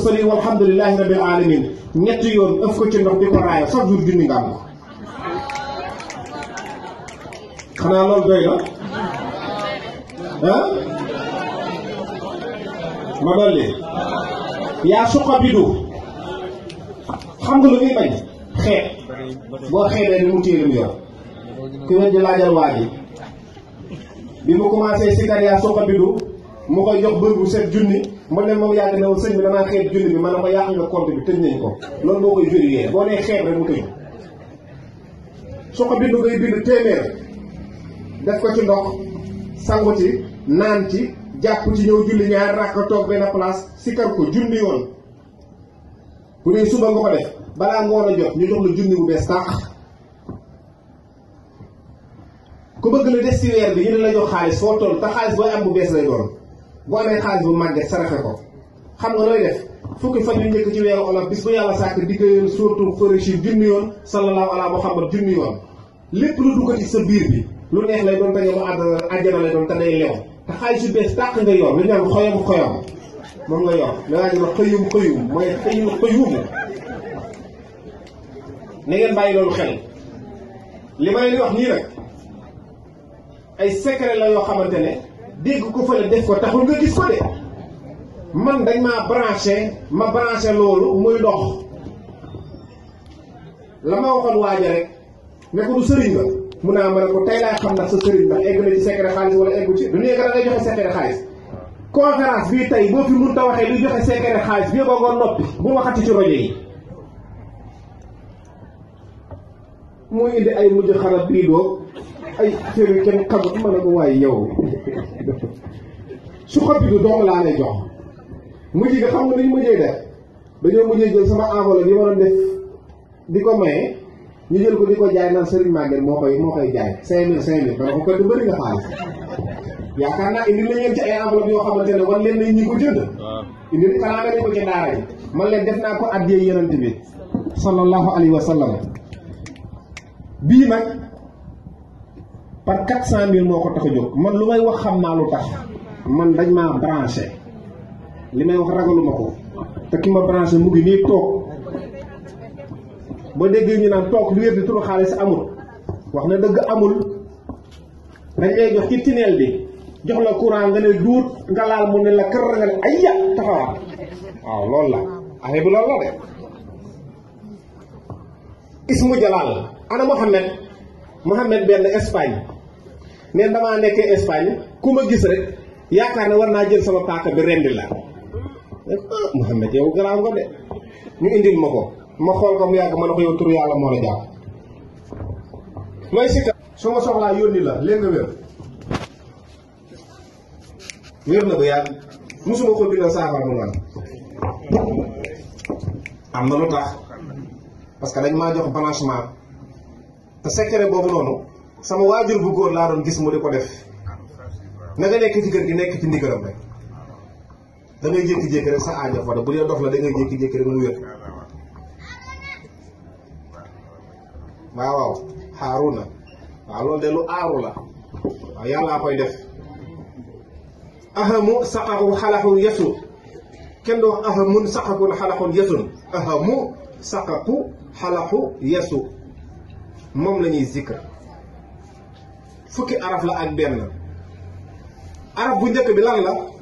mursali walhamdulilahi rabil alamin ñett yoon ëf ci ndox di ko raaya chaque jour junni nga am xanaa loolu doy na ah ma dolli yaa suqa bidu xam nga lu muy xeet boo xeebee ni mu téelam yor ki wen di laajal waa ji bi mu commencé si kar yaa suqa bidu mu koy jox bër bu seet junni mu ne moom yàgg na woon sëñ bi damaa xeeb junni bi ma ne ko yàq nga compte bi tëj nañ ko loolu boo koy vérifié boo nee xeeb rek mu tëj su ko bind ngay bind téeméer def ko ci ndox sangu ci naan ci jàpp ci ñëw julli ñaar rakk toog benn place sikkar ko junni yoon bu dee suba nga ko def balaa ngoon a jot ñu jox la junni bu bees tàq ku bëgg la des ci weer bi ñu la jox xaalis foo toll te xaalis booy am bu bees lay doon boo amee xaalis bu màggee saraxe ko xam nga looy def fukki fan yu njëkk ci weeru olof bis bu yàlla sàkk digga yoon sóortul xorachir junni yoon sallallahu ala muhammad junni yoon lépp lu dugg sa biir bi lu neex lay doon dañu ba lay doon te day leew te xaalis yu bees tàq nga yor lu ñu naan xoyom xoyom moom nga yor ne waa xëyum xëyum mooy xëyum xëyum na ngeen bàyyi loolu xel li may wax nii nag ay secret la yoo xamante ne dégg ko fële def ko taxul nga gis ko de man dañ maa branché ma branché loolu muy dox la ma waxoon waaja rek ne ko du sëriñ la mun naa ma ne ko tey laay xam ndax sa sëriñ ndax egg na ci secret xaalis wala eggu ci du nekk da ngay joxe secret xaalis conférence bii tey boo fi mun ta waxee luy joxe secret xaalis bii boo nga noppi bu waxati ci rajo yi muy indi ay mujj xarab bii doog ay cër yu kenn xamut ma ne ko waaye yow su du dong laa lay jox mujj nga xam nga dañu mujjee def dañoo mujjee jël sama enveloppe yi waroon def di ko maye ñu jël ko di ko jaay naan Serigne Maguette moo koy moo koy jaay cinq mille naa indi nañ leen ci ay enveloppe yoo ko jënd indi xanaa nga ne ko ci daara ji man leen def naa ko addiyee yenante bi sallallahu alayhi wa bii nag par quatre cent mille moo ko tax a man lu may wax xam naa lu tax man dañ maa branché li may wax ragaluma ko te ki ma branché mu ngi nii toog ba déggee ñu naan toog lu wér di turu xaalis amul wax na dëgg amul dañ lay jox ci tineel bi jox la courant nga ne duut nga laal mu ne la kër nga ne taxawaat waaw loolu la affaire bi loolu la de ismu jalaal ana Mohamed Mohamed benn Espagne neen damaa nekkee Espagne ku ma gis rek yaakaar ne war naa jël sama paaka bi rendi la eh, ah Mouhamed garaaw nga de ñu indil ma ko ma xool ko mu yàgg ma ne ko yow moo su ma soxlaa yónni saafara mu naan am na lu tax parce que dañ maa jox blanchiment te secret boobu noonu. sama waajur bu góor laa doon gis mu di ko def na nekk ci kër gi nekk ci ndigalam rek da ngay jékki-jékki rek sa aajo fa bu dee dox la da ngay jékki-jékki na waaw loolu de lu aaru kenn du wax ahamun saqakun la ñuy zikr fukki araf la ak benn araf bu njëkk bi lan la